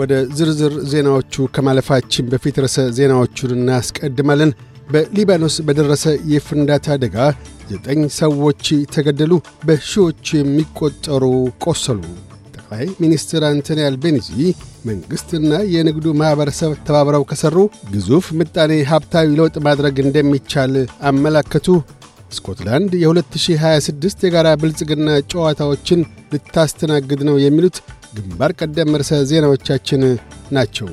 ወደ ዝርዝር ዜናዎቹ ከማለፋችን በፊት ርዕሰ ዜናዎቹን እናስቀድማለን። በሊባኖስ በደረሰ የፍንዳታ አደጋ ዘጠኝ ሰዎች ተገደሉ፣ በሺዎች የሚቆጠሩ ቆሰሉ። ጠቅላይ ሚኒስትር አንቶኒ አልቤኒዚ መንግሥትና የንግዱ ማኅበረሰብ ተባብረው ከሠሩ ግዙፍ ምጣኔ ሀብታዊ ለውጥ ማድረግ እንደሚቻል አመላከቱ። ስኮትላንድ የ2026 የጋራ ብልጽግና ጨዋታዎችን ልታስተናግድ ነው የሚሉት ግንባር ቀደም ርዕሰ ዜናዎቻችን ናቸው።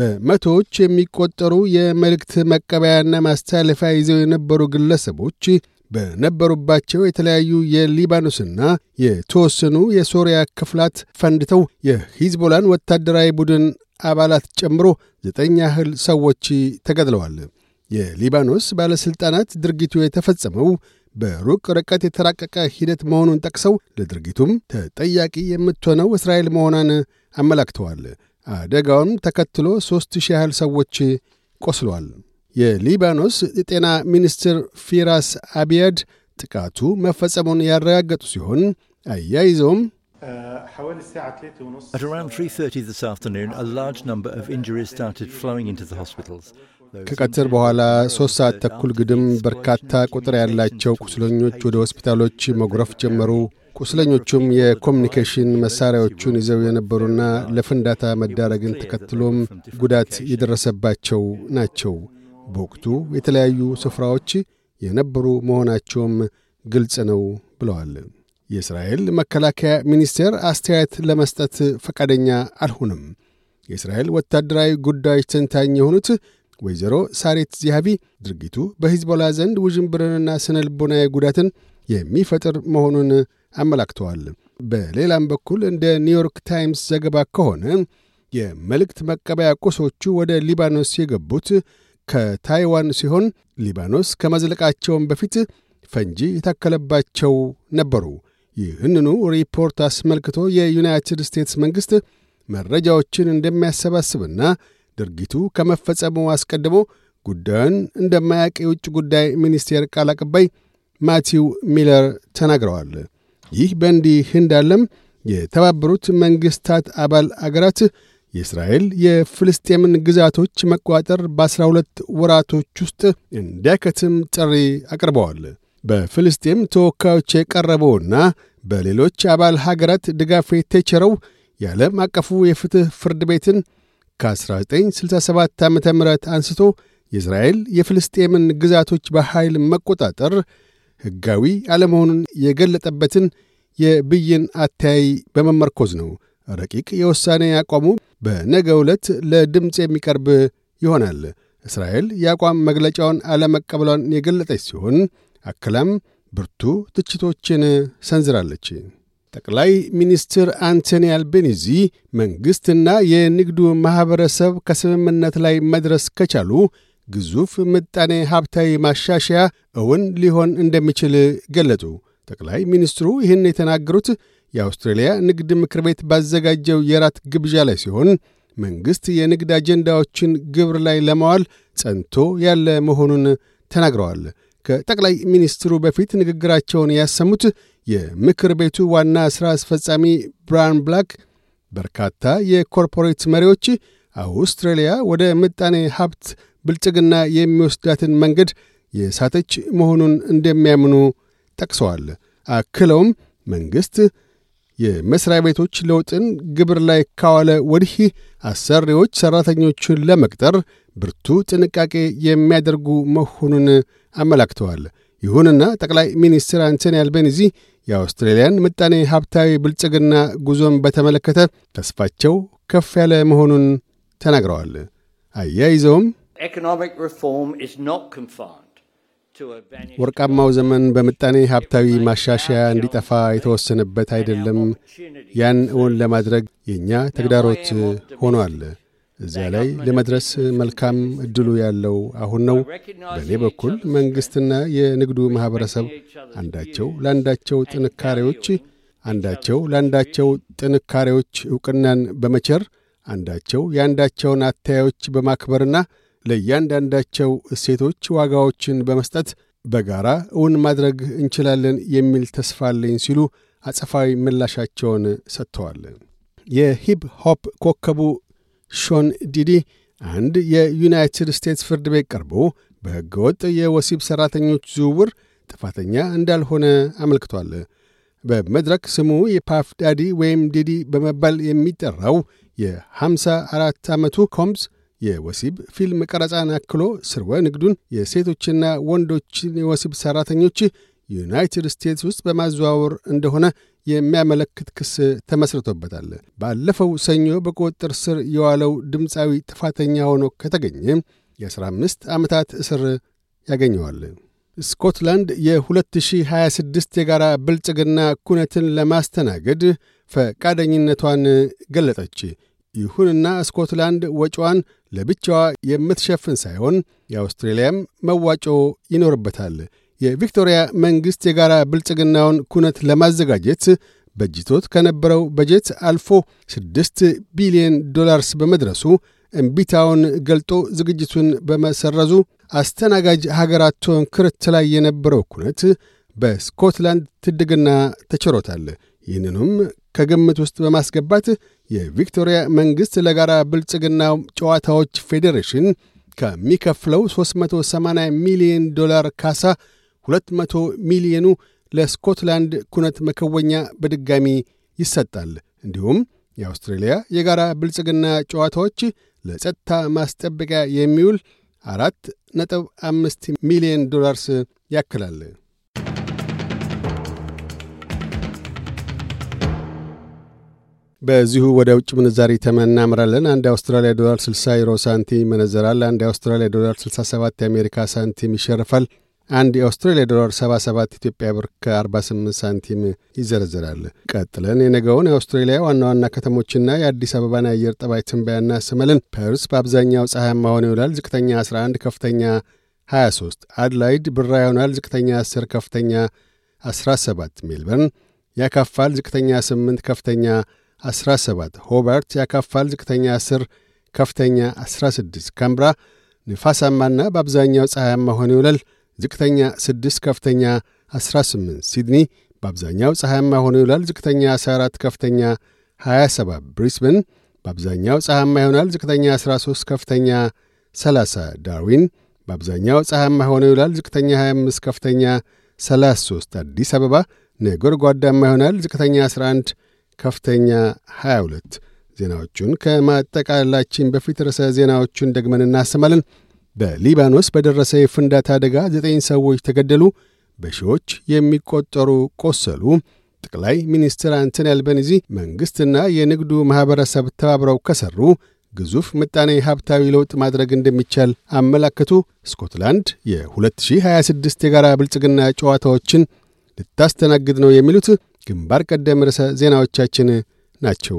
በመቶዎች የሚቆጠሩ የመልእክት መቀበያና ማስተላለፊያ ይዘው የነበሩ ግለሰቦች በነበሩባቸው የተለያዩ የሊባኖስና የተወሰኑ የሶሪያ ክፍላት ፈንድተው የሂዝቦላን ወታደራዊ ቡድን አባላት ጨምሮ ዘጠኝ ያህል ሰዎች ተገድለዋል። የሊባኖስ ባለሥልጣናት ድርጊቱ የተፈጸመው በሩቅ ርቀት የተራቀቀ ሂደት መሆኑን ጠቅሰው ለድርጊቱም ተጠያቂ የምትሆነው እስራኤል መሆኗን አመላክተዋል። አደጋውን ተከትሎ ሦስት ሺህ ያህል ሰዎች ቆስሏል። የሊባኖስ የጤና ሚኒስትር ፊራስ አቢያድ ጥቃቱ መፈጸሙን ያረጋገጡ ሲሆን አያይዘውም At around 3:30 this afternoon, a large number of injuries started flowing into the hospitals. ከቀትር በኋላ ሶስት ሰዓት ተኩል ግድም በርካታ ቁጥር ያላቸው ቁስለኞች ወደ ሆስፒታሎች መጉረፍ ጀመሩ። ቁስለኞቹም የኮሚኒኬሽን መሳሪያዎቹን ይዘው የነበሩና ለፍንዳታ መዳረግን ተከትሎም ጉዳት የደረሰባቸው ናቸው። በወቅቱ የተለያዩ ስፍራዎች የነበሩ መሆናቸውም ግልጽ ነው ብለዋል። የእስራኤል መከላከያ ሚኒስቴር አስተያየት ለመስጠት ፈቃደኛ አልሆንም። የእስራኤል ወታደራዊ ጉዳዮች ተንታኝ የሆኑት ወይዘሮ ሳሬት ዚሃቢ ድርጊቱ በሂዝቦላ ዘንድ ውዥንብርንና ስነ ልቦናዊ ጉዳትን የሚፈጥር መሆኑን አመላክተዋል። በሌላም በኩል እንደ ኒውዮርክ ታይምስ ዘገባ ከሆነ የመልእክት መቀበያ ቁሶቹ ወደ ሊባኖስ የገቡት ከታይዋን ሲሆን ሊባኖስ ከመዝለቃቸውን በፊት ፈንጂ የታከለባቸው ነበሩ። ይህንኑ ሪፖርት አስመልክቶ የዩናይትድ ስቴትስ መንግሥት መረጃዎችን እንደሚያሰባስብና ድርጊቱ ከመፈጸሙ አስቀድሞ ጉዳዩን እንደማያውቅ የውጭ ጉዳይ ሚኒስቴር ቃል አቀባይ ማቲው ሚለር ተናግረዋል። ይህ በእንዲህ እንዳለም የተባበሩት መንግሥታት አባል አገራት የእስራኤል የፍልስጤምን ግዛቶች መቆጣጠር በ12 ወራቶች ውስጥ እንዲያከትም ጥሪ አቅርበዋል። በፍልስጤም ተወካዮች የቀረበውና በሌሎች አባል ሀገራት ድጋፍ የተቸረው የዓለም አቀፉ የፍትሕ ፍርድ ቤትን ከ1967 ዓ ም አንስቶ የእስራኤል የፍልስጤምን ግዛቶች በኃይል መቆጣጠር ሕጋዊ አለመሆኑን የገለጠበትን የብይን አተያይ በመመርኮዝ ነው። ረቂቅ የውሳኔ አቋሙ በነገ ዕለት ለድምፅ የሚቀርብ ይሆናል። እስራኤል የአቋም መግለጫውን አለመቀበሏን የገለጠች ሲሆን አክላም ብርቱ ትችቶችን ሰንዝራለች። ጠቅላይ ሚኒስትር አንቶኒ አልቤኒዚ መንግሥትና የንግዱ ማኅበረሰብ ከስምምነት ላይ መድረስ ከቻሉ ግዙፍ ምጣኔ ሀብታዊ ማሻሻያ እውን ሊሆን እንደሚችል ገለጹ። ጠቅላይ ሚኒስትሩ ይህን የተናገሩት የአውስትሬልያ ንግድ ምክር ቤት ባዘጋጀው የራት ግብዣ ላይ ሲሆን መንግሥት የንግድ አጀንዳዎችን ግብር ላይ ለማዋል ጸንቶ ያለ መሆኑን ተናግረዋል። ከጠቅላይ ሚኒስትሩ በፊት ንግግራቸውን ያሰሙት የምክር ቤቱ ዋና ሥራ አስፈጻሚ ብራን ብላክ በርካታ የኮርፖሬት መሪዎች አውስትራሊያ ወደ ምጣኔ ሀብት ብልጽግና የሚወስዳትን መንገድ የሳተች መሆኑን እንደሚያምኑ ጠቅሰዋል። አክለውም መንግሥት የመሥሪያ ቤቶች ለውጥን ግብር ላይ ካዋለ ወዲህ አሰሪዎች ሠራተኞቹን ለመቅጠር ብርቱ ጥንቃቄ የሚያደርጉ መሆኑን አመላክተዋል። ይሁንና ጠቅላይ ሚኒስትር አንቶኒ አልቤኒዚ የአውስትሬልያን ምጣኔ ሀብታዊ ብልጽግና ጉዞን በተመለከተ ተስፋቸው ከፍ ያለ መሆኑን ተናግረዋል። አያይዘውም ወርቃማው ዘመን በምጣኔ ሀብታዊ ማሻሻያ እንዲጠፋ የተወሰነበት አይደለም። ያን እውን ለማድረግ የእኛ ተግዳሮት ሆኗል። እዚያ ላይ ለመድረስ መልካም እድሉ ያለው አሁን ነው። በእኔ በኩል መንግሥትና የንግዱ ማኅበረሰብ አንዳቸው ለአንዳቸው ጥንካሬዎች አንዳቸው ለአንዳቸው ጥንካሬዎች ዕውቅናን በመቸር አንዳቸው የአንዳቸውን አተያዮች በማክበርና ለእያንዳንዳቸው እሴቶች ዋጋዎችን በመስጠት በጋራ እውን ማድረግ እንችላለን የሚል ተስፋ አለኝ ሲሉ አጸፋዊ ምላሻቸውን ሰጥተዋል። የሂፕ ሆፕ ኮከቡ ሾን ዲዲ አንድ የዩናይትድ ስቴትስ ፍርድ ቤት ቀርቦ በሕገወጥ የወሲብ ሠራተኞች ዝውውር ጥፋተኛ እንዳልሆነ አመልክቷል። በመድረክ ስሙ የፓፍ ዳዲ ወይም ዲዲ በመባል የሚጠራው የ54 ዓመቱ ኮምስ የወሲብ ፊልም ቀረጻን አክሎ ስርወ ንግዱን የሴቶችና ወንዶችን የወሲብ ሠራተኞች ዩናይትድ ስቴትስ ውስጥ በማዘዋወር እንደሆነ የሚያመለክት ክስ ተመስርቶበታል። ባለፈው ሰኞ በቁጥጥር ስር የዋለው ድምፃዊ ጥፋተኛ ሆኖ ከተገኘ የ15 ዓመታት እስር ያገኘዋል። ስኮትላንድ የ2026 የጋራ ብልጽግና ኩነትን ለማስተናገድ ፈቃደኝነቷን ገለጠች። ይሁንና ስኮትላንድ ወጪዋን ለብቻዋ የምትሸፍን ሳይሆን የአውስትሬልያም መዋጮ ይኖርበታል። የቪክቶሪያ መንግሥት የጋራ ብልጽግናውን ኩነት ለማዘጋጀት በጅቶት ከነበረው በጀት አልፎ 6 ቢሊዮን ዶላርስ በመድረሱ እምቢታውን ገልጦ ዝግጅቱን በመሰረዙ አስተናጋጅ ሀገራት ትንክርት ላይ የነበረው ኩነት በስኮትላንድ ትድግና ተችሮታል። ይህንኑም ከግምት ውስጥ በማስገባት የቪክቶሪያ መንግሥት ለጋራ ብልጽግና ጨዋታዎች ፌዴሬሽን ከሚከፍለው 380 ሚሊዮን ዶላር ካሳ 200 ሚሊዮኑ ለስኮትላንድ ኩነት መከወኛ በድጋሚ ይሰጣል። እንዲሁም የአውስትሬልያ የጋራ ብልጽግና ጨዋታዎች ለጸጥታ ማስጠበቂያ የሚውል አራት ነጥብ አምስት ሚሊዮን ዶላርስ ያክላል። በዚሁ ወደ ውጭ ምንዛሪ ተመን እናምራለን። አንድ የአውስትራሊያ ዶላር 60 ዩሮ ሳንቲም ይመነዘራል። አንድ የአውስትራሊያ ዶላር 67 የአሜሪካ ሳንቲም ይሸርፋል። አንድ የአውስትራሊያ ዶላር 77 ኢትዮጵያ ብር ከ48 ሳንቲም ይዘረዘራል። ቀጥለን የነገውን የአውስትሬሊያ ዋና ዋና ከተሞችና የአዲስ አበባን አየር ጠባይ ትንበያና ስመልን። ፐርስ በአብዛኛው ፀሐያማ ሆኖ ይውላል። ዝቅተኛ 11፣ ከፍተኛ 23። አድላይድ ብራ ይሆናል። ዝቅተኛ 10፣ ከፍተኛ 17። ሜልበርን ያካፋል። ዝቅተኛ 8፣ ከፍተኛ 17። ሆበርት ያካፋል። ዝቅተኛ 10፣ ከፍተኛ 16። ካምብራ ንፋሳማና በአብዛኛው ፀሐያማ ሆኖ ይውላል። ዝቅተኛ 6 ከፍተኛ 18። ሲድኒ በአብዛኛው ፀሐያማ ሆኖ ይውላል። ዝቅተኛ 14 ከፍተኛ 27። ብሪስበን በአብዛኛው ፀሐያማ ይሆናል። ዝቅተኛ 13 ከፍተኛ 30። ዳርዊን በአብዛኛው ፀሐያማ ሆኖ ይውላል። ዝቅተኛ 25 ከፍተኛ 33። አዲስ አበባ ነጎድጓዳማ ይሆናል። ዝቅተኛ 11 ከፍተኛ 22። ዜናዎቹን ከማጠቃለላችን በፊት ርዕሰ ዜናዎቹን ደግመን እናሰማለን። በሊባኖስ በደረሰ የፍንዳታ አደጋ ዘጠኝ ሰዎች ተገደሉ፣ በሺዎች የሚቆጠሩ ቆሰሉ። ጠቅላይ ሚኒስትር አንቶኒ አልበኒዚ መንግሥትና የንግዱ ማኅበረሰብ ተባብረው ከሠሩ ግዙፍ ምጣኔ ሀብታዊ ለውጥ ማድረግ እንደሚቻል አመላከቱ። ስኮትላንድ የ2026 የጋራ ብልጽግና ጨዋታዎችን ልታስተናግድ ነው። የሚሉት ግንባር ቀደም ርዕሰ ዜናዎቻችን ናቸው።